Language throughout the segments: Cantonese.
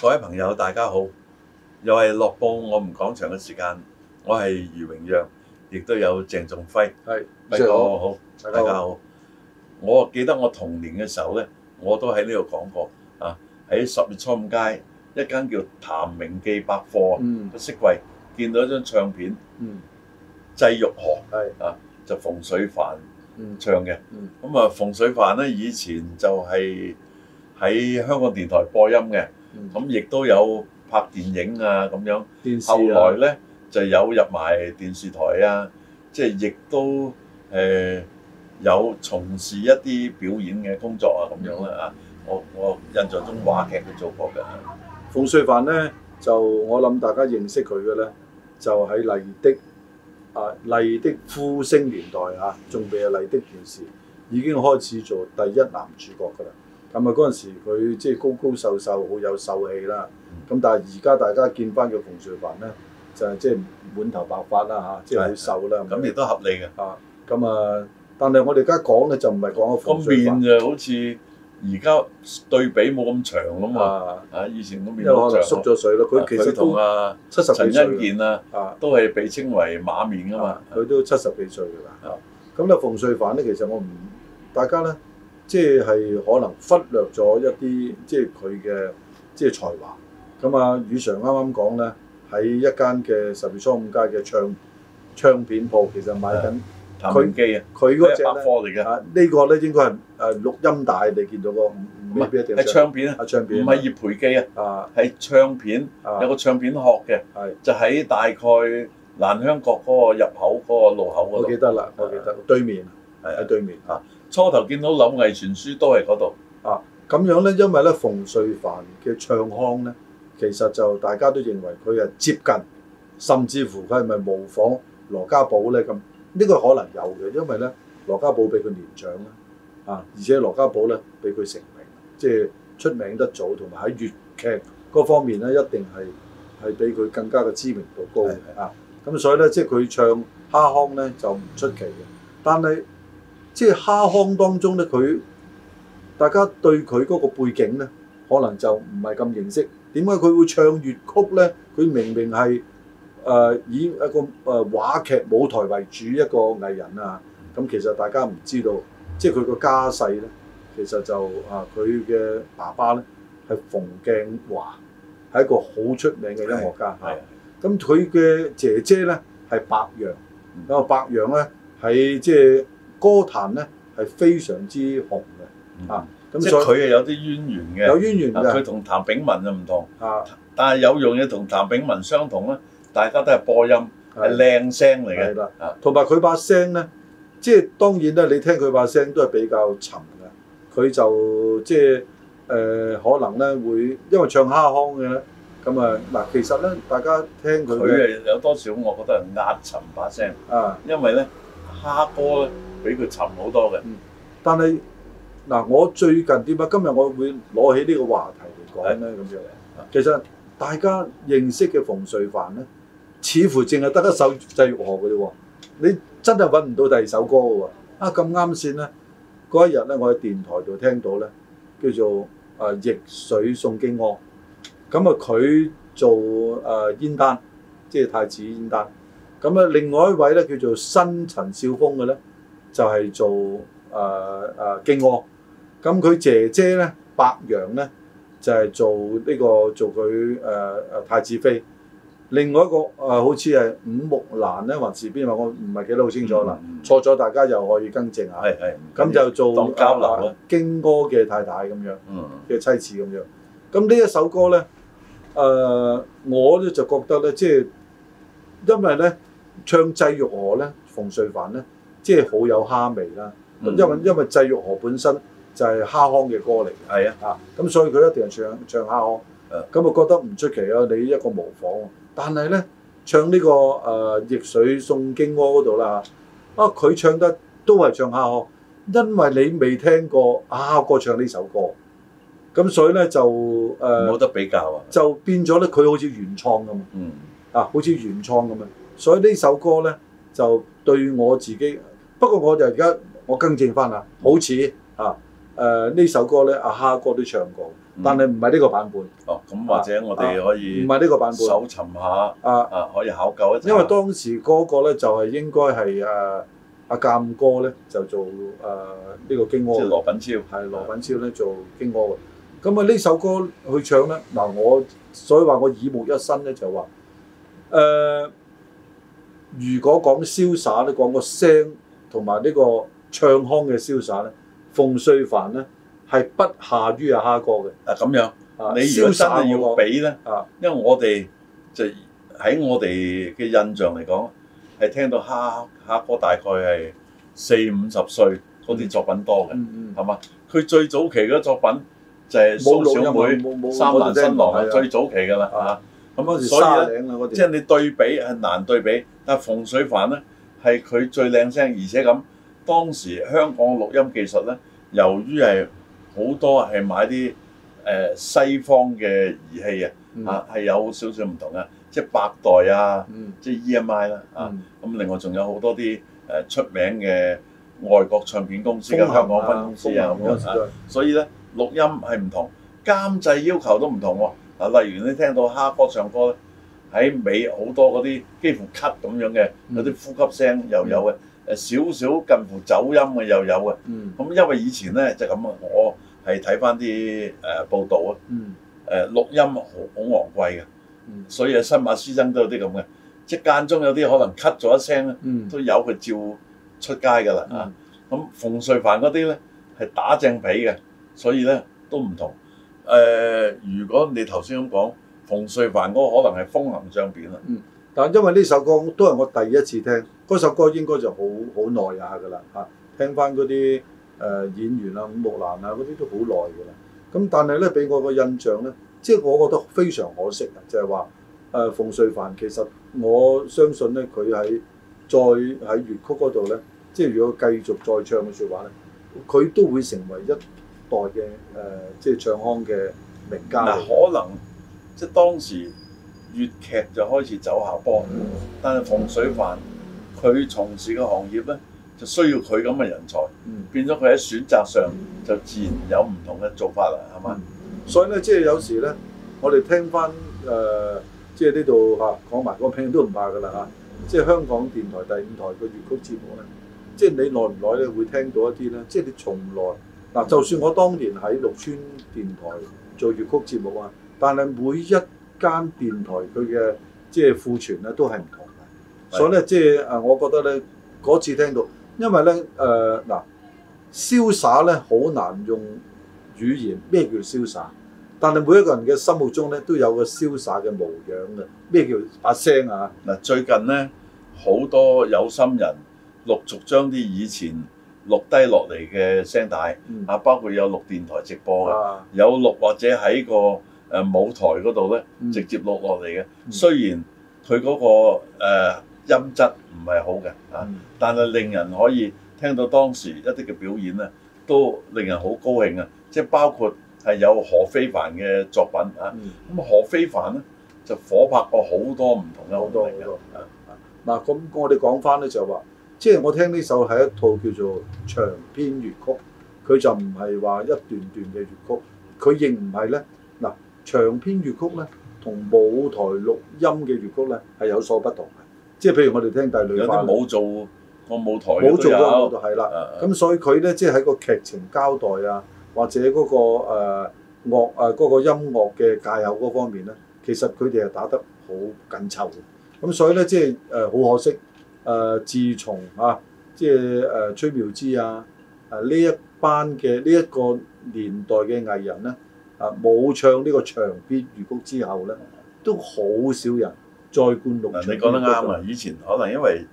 各位朋友，大家好！又係樂報我哋講場嘅時間，我係余榮陽，亦都有鄭仲輝，係，米哥好，大家好。我記得我童年嘅時候呢，我都喺呢度講過啊。喺十月初五街一間叫譚明記百貨嘅色櫃，見到一張唱片，嗯，謝玉河係啊，就馮淬帆唱嘅。咁啊，馮淬帆呢以前就係喺香港電台播音嘅。咁亦、嗯、都有拍電影啊，咁樣。電視啊。後來咧就有入埋電視台啊，即係亦都誒有從事一啲表演嘅工作啊，咁樣啦啊。嗯、我我印象中、嗯、話劇佢做過嘅。馮淬帆呢，就我諗大家認識佢嘅呢，就喺麗的啊麗的呼聲年代啊，仲未有麗的電視已經開始做第一男主角㗎啦。咁咪嗰陣時佢即係高高瘦瘦好有秀氣啦？咁但係而家大家見翻嘅馮淬帆咧，就係即係滿頭白髮啦嚇，即係好瘦啦。咁亦都合理嘅。啊，咁啊，但係我哋而家講咧就唔係講個面就好似而家對比冇咁長啊嘛。啊，以前個面好長。因為縮咗水咯。佢其實同陳欣健啊，都係被稱為馬面啊嘛。佢都七十幾歲㗎啦。啊，咁啊，馮淬帆咧，其實我唔大家咧。即係可能忽略咗一啲即係佢嘅即係才華。咁啊，宇常啱啱講咧，喺一間嘅十月初五街嘅唱唱片鋪，其實買緊譚詠麟機啊，咩百科嚟嘅？呢個咧應該係誒錄音帶，吧你見到個五五蚊啊？唱片唔係葉培機啊，係唱片，有個唱片殼嘅，uh, 就喺大概蘭香閣嗰個入口嗰個路口我記得啦，我記得、uh, 對面喺、uh. 對面啊。初頭見到柳毅傳書都係嗰度啊，咁樣呢？因為呢，馮淬帆嘅唱腔呢，其實就大家都認為佢係接近，甚至乎佢係咪模仿羅家寶呢？咁？呢個可能有嘅，因為呢，羅家寶比佢年長啦、啊，而且羅家寶呢比佢成名，即係出名得早，同埋喺粵劇嗰方面呢，一定係係比佢更加嘅知名度高的啊，咁所以呢，即係佢唱蝦腔呢，就唔出奇嘅，嗯、但係。即係蝦康》當中咧，佢大家對佢嗰個背景咧，可能就唔係咁認識。點解佢會唱粵曲咧？佢明明係誒、呃、以一個誒、呃、話劇舞台為主一個藝人啊。咁其實大家唔知道，即係佢個家世咧，其實就誒佢嘅爸爸咧係馮鏡華，係一個好出名嘅音樂家。係。咁佢嘅姐姐咧係白楊，咁啊、嗯、白楊咧喺即係。歌壇咧係非常之紅嘅，嗯、啊，咁即係佢係有啲淵源嘅，有淵源嘅，佢同譚炳文就唔同，啊，但係有樣嘢同譚炳文相同咧，大家都係播音，係靚聲嚟嘅，係啦，啊，同埋佢把聲咧，即係當然咧，你聽佢把聲都係比較沉嘅，佢就即係誒、呃、可能咧會因為唱蝦腔嘅咧，咁啊嗱，其實咧大家聽佢，佢、嗯、係有多少，我覺得係壓沉把聲，啊，因為咧蝦歌咧。俾佢沉好多嘅，嗯，但係嗱，我最近點解今日我會攞起呢個話題嚟講咧，咁樣。是其實大家認識嘅馮淬帆咧，似乎淨係得一首《濟玉河》嘅啫喎。你真係揾唔到第二首歌嘅喎。啊咁啱先咧，嗰一日咧，我喺電台度聽到咧，叫做誒《易水送荊軻》。咁、嗯、啊，佢做誒燕丹，即係太子燕丹。咁、嗯、啊，另外一位咧叫做新陳少峰嘅咧。就係做誒誒敬娥，咁、呃、佢、啊、姐姐咧白楊咧就係、是、做呢、這個做佢誒誒太子妃。另外一個誒、呃、好似係五木蘭咧，還是邊啊？我唔係記得好清楚啦，錯咗、嗯、大家又可以更正下、啊。係係、嗯。咁、嗯、就做、啊啊、京哥嘅太太咁樣，嘅、嗯、妻子咁樣。咁呢一首歌咧，誒、呃、我咧就覺得咧，即係因為咧唱擠玉娥咧，馮淬帆咧。即係好有蝦味啦，因為因為濟玉河本身就係蝦腔嘅歌嚟，係的啊，咁所以佢一定係唱唱蝦腔。腔的，咁啊覺得唔出奇咯。你一個模仿，但係咧唱呢、這個誒逆、呃、水送京鍋嗰度啦，啊佢唱得都係唱蝦腔，因為你未聽過蝦哥、啊、唱呢首歌，咁所以咧就誒冇得比較啊，就變咗咧佢好似原創咁、嗯、啊，好似原創咁啊，所以呢首歌咧就對我自己。不過我就而家我更正翻啦，好似嚇誒呢首歌咧，阿、啊、蝦哥都唱過，嗯、但係唔係呢個版本。哦、啊，咁或者我哋可以唔係呢個版本搜尋下啊，可以考究一陣。因為當時嗰個咧就係、是、應該係誒阿鑑哥咧就做誒呢、啊這個經歌嘅，羅品超係羅品超咧做經歌嘅。咁、嗯、羅 88 啊呢首歌去唱咧嗱、啊，我所以話我耳目一新咧就話誒、啊，如果講瀟灑咧講個聲。同埋呢個唱腔嘅瀟灑咧，馮淬帆咧係不下於阿蝦哥嘅。啊，咁樣，瀟灑，真係要比咧。啊，因為我哋就喺我哋嘅印象嚟講，係聽到蝦蝦哥大概係四五十歲嗰啲作品多嘅，係嘛、嗯？佢最早期嘅作品就係蘇小妹、三難新郎啊，最早期㗎啦。啊，咁、啊、所以，啊、即係你對比係難對比，但係馮淬帆咧。係佢最靚聲，而且咁當時香港錄音技術呢，由於係好多係買啲誒西方嘅儀器、嗯、啊，啊係有少少唔同嘅，即係百代啊，嗯、即係 EMI 啦、啊，啊咁、嗯、另外仲有好多啲誒出名嘅外國唱片公司業香港分公司啊，咁樣、嗯、所以呢，錄音係唔同，監製要求都唔同喎、啊。例如你聽到蝦哥唱歌喺尾好多嗰啲幾乎咳咁樣嘅，有啲呼吸聲又有嘅，誒、嗯、少少近乎走音嘅又有嘅。咁、嗯、因為以前咧就咁啊，我係睇翻啲誒報道啊，誒錄、嗯呃、音好好昂貴嘅、嗯，所以新馬師曾都有啲咁嘅，即係間中有啲可能咳咗一聲咧，都有佢照出街㗎啦啊。咁馮淬帆嗰啲咧係打正皮嘅，所以咧都唔同。誒、呃，如果你頭先咁講。馮淬帆嗰個可能係風行唱片啦，嗯，但因為呢首歌都係我第一次聽，嗰首歌應該就好好耐下噶啦嚇，聽翻嗰啲誒演員啦、木蘭啊嗰啲都好耐噶啦，咁、嗯、但係咧俾我個印象咧，即係我覺得非常可惜啊，就係話誒馮淬帆其實我相信咧佢喺再喺粵曲嗰度咧，即係如果繼續再唱嘅説話咧，佢都會成為一代嘅誒、呃、即係唱腔嘅名家、嗯。可能。即係當時粵劇就開始走下坡，但係馮淬帆佢從事嘅行業咧，就需要佢咁嘅人才，變咗佢喺選擇上就自然有唔同嘅做法啦，係嘛？所以咧，即係有時咧，我哋聽翻誒、呃，即係呢度嚇講埋個名都唔怕㗎啦嚇，即係香港電台第五台嘅粵曲節目咧，即係你耐唔耐咧會聽到一啲咧，即係你從來嗱、啊，就算我當年喺六村電台做粵曲節目啊。但係每一間電台佢嘅，即係庫存咧都係唔同嘅，的所以咧，即係誒，我覺得咧嗰次聽到，因為咧誒嗱，瀟灑咧好難用語言，咩叫瀟灑，但係每一個人嘅心目中咧都有個瀟灑嘅模樣嘅。咩叫把聲啊？嗱，最近咧好多有心人陸續將啲以前錄低落嚟嘅聲帶啊，包括有錄電台直播嘅，啊、有錄或者喺個。誒、呃、舞台嗰度咧，直接落落嚟嘅。嗯、雖然佢嗰、嗰個、呃、音質唔係好嘅嚇，啊嗯、但係令人可以聽到當時一啲嘅表演咧，都令人好高興啊！即係包括係有何非凡嘅作品嚇，咁、啊嗯嗯啊、何非凡咧就火拍過好多唔同嘅好多好多嗱，咁、啊嗯、我哋講翻咧就話，即、就、係、係、我聽呢首係一套叫做長篇粵曲，佢就唔係話一段段嘅粵曲，佢亦唔係咧嗱。長篇粵曲咧，同舞台錄音嘅粵曲咧係有所不同嘅，即係譬如我哋聽帝女花有啲冇做個舞台嘅有冇做嘅舞就係啦，咁所以佢咧即係喺個劇情交代啊，或者嗰、那個誒樂誒音樂嘅介入嗰方面咧，其實佢哋係打得好緊湊嘅，咁所以咧即係誒好可惜誒、呃，自從啊即係誒崔妙芝啊誒呢、啊、一班嘅呢一個年代嘅藝人咧。啊！冇唱呢個長篇粵曲之後呢，都好少人再灌錄。嗱，你講得啱啊！以前可能因為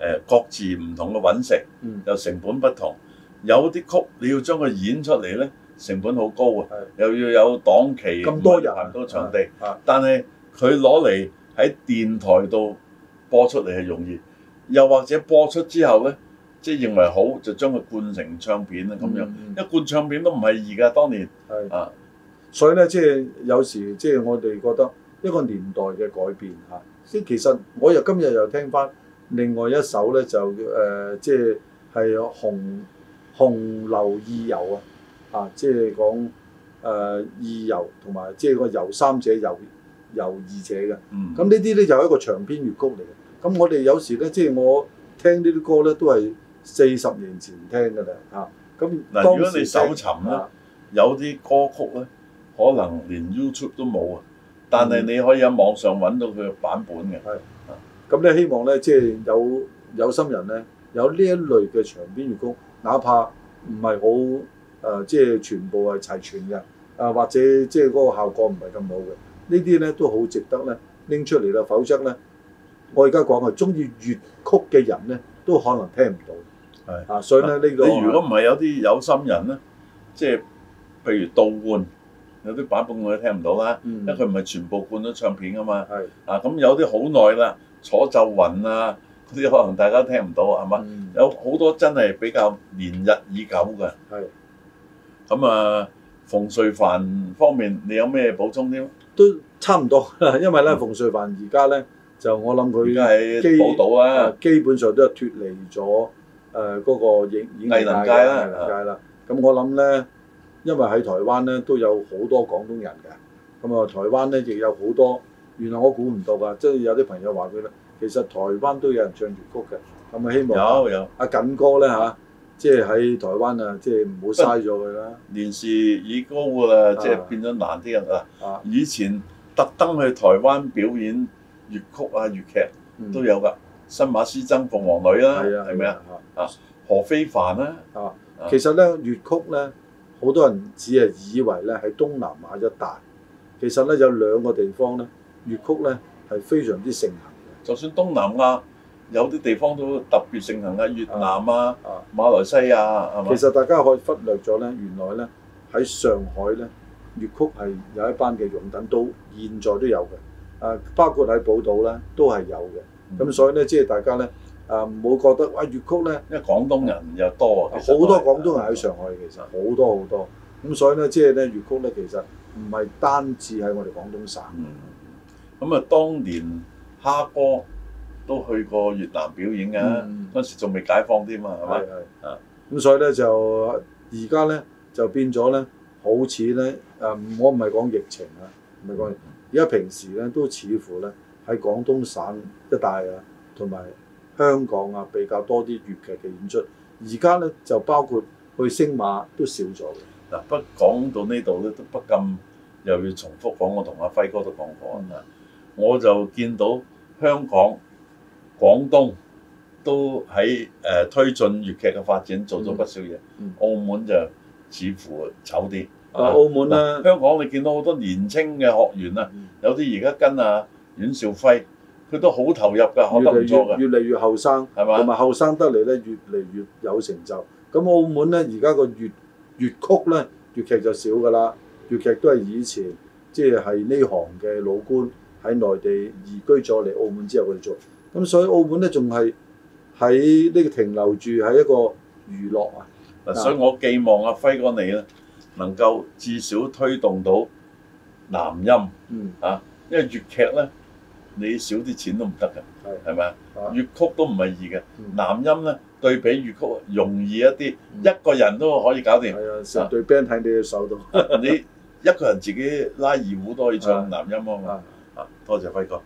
誒各自唔同嘅揾食，嗯、又成本不同，有啲曲你要將佢演出嚟呢，成本好高啊！嗯、又要有檔期，咁多人行唔到場地。嗯、但係佢攞嚟喺電台度播出嚟係容易，嗯、又或者播出之後呢，即係認為好就將佢灌成唱片啊咁樣。嗯嗯、一灌唱片都唔係易㗎，當年啊～所以咧，即係有時，即係我哋覺得一個年代嘅改變嚇。即其實我又今日又聽翻另外一首咧，就誒、呃，即係係《紅紅樓二遊》啊，啊，即係講誒二遊同埋即係個遊三者遊遊二者嘅。嗯。咁呢啲咧就係一個長篇粵曲嚟嘅。咁我哋有時咧，即係我聽呢啲歌咧，都係四十年前聽㗎啦。嚇、啊！咁嗱，如果你搜尋咧，啊、有啲歌曲咧。可能連 YouTube 都冇啊，但係你可以喺網上揾到佢嘅版本嘅。係咁咧希望咧，即係有有心人咧，有呢一類嘅長篇粵曲，哪怕唔係好誒，即係全部係齊全嘅，誒或者即係嗰個效果唔係咁好嘅，呢啲咧都好值得咧拎出嚟啦。否則咧，我而家講嘅中意粵曲嘅人咧，都可能聽唔到。係啊，所以咧呢個你如果唔係有啲有心人咧，即係譬如倒換。有啲版本我都聽唔到啦，因為佢唔係全部灌咗唱片㗎嘛。係啊，咁有啲好耐啦，坐就雲啊，嗰啲可能大家聽唔到係嘛？有好多真係比較年日已久嘅。係咁啊，馮淬帆方面你有咩補充添？都差唔多啦，因為咧，馮淬帆而家咧就我諗佢而家喺寶島啊，基本上都係脱離咗誒嗰個影藝能界啦。咁我諗咧。因為喺台灣咧都有好多廣東人嘅，咁啊台灣咧亦有好多，原來我估唔到㗎，即係有啲朋友話佢咧，其實台灣都有人唱粵曲嘅，係咪希望有有阿錦、啊、哥咧吓，即係喺台灣啊，即係唔好嘥咗佢啦。年事已高㗎啦，即係變咗難啲人啊。啊以前特登去台灣表演粵曲啊、粵劇都、啊、有㗎，新、嗯、馬師曾、鳳凰女啦，係咪啊？啊何非凡啦，啊其實咧粵曲咧。好多人只係以為咧喺東南亞一帶，其實咧有兩個地方咧，粵曲咧係非常之盛行嘅。就算東南亞有啲地方都特別盛行嘅，越南啊、啊馬來西亞係嘛？啊、吧其實大家可以忽略咗咧，原來咧喺上海咧，粵曲係有一班嘅擁躉都現在都有嘅。啊，包括喺寶島咧都係有嘅。咁、嗯、所以咧，即係大家咧。啊！冇覺得哇！粵、哎、曲咧，因為廣東人又多，好多廣東人喺上海，其實好多好多咁，嗯、所以咧，即係咧粵曲咧，其實唔係單止喺我哋廣東省。咁啊、嗯，嗯、當年蝦哥都去過越南表演嘅，嗰、嗯、時仲未解放添啊，係咪啊？咁所以咧就而家咧就變咗咧，好似咧啊，我唔係講疫情啊，唔係講疫情，而家平時咧都似乎咧喺廣東省一帶啊，同埋。香港啊，比較多啲粵劇嘅演出，而家呢，就包括去星馬都少咗嘅。嗱、啊，不講到呢度呢，都不禁又要重複講我同阿、啊、輝哥都講過啊。我就見到香港、廣東都喺誒、呃、推進粵劇嘅發展，做咗不少嘢。嗯、澳門就似乎醜啲。嗯啊、澳門啦、啊，香港你見到好多年青嘅學員啊，有啲而家跟阿、啊、阮兆輝。佢都好投入㗎，越嚟越，可唔可以講？越嚟越後生，係咪？同埋後生得嚟咧，越嚟越有成就。咁澳門咧，而家個粵粵曲咧，粵劇就少㗎啦。粵劇都係以前即係係呢行嘅老官喺內地移居咗嚟澳門之後去做。咁所以澳門咧仲係喺呢個停留住喺一個娛樂啊。嗱，所以我寄望阿輝哥你咧能夠至少推動到南音。嗯。啊，因為粵劇咧。你少啲錢都唔得嘅，係咪是吧啊？粵曲都唔係易嘅，嗯、男音咧對比粵曲容易一啲，嗯、一個人都可以搞掂。係、嗯、啊，成對 band 喺你嘅手度，啊啊、你一個人自己拉二胡都可以唱、啊、男音啊嘛。啊，啊多謝輝哥。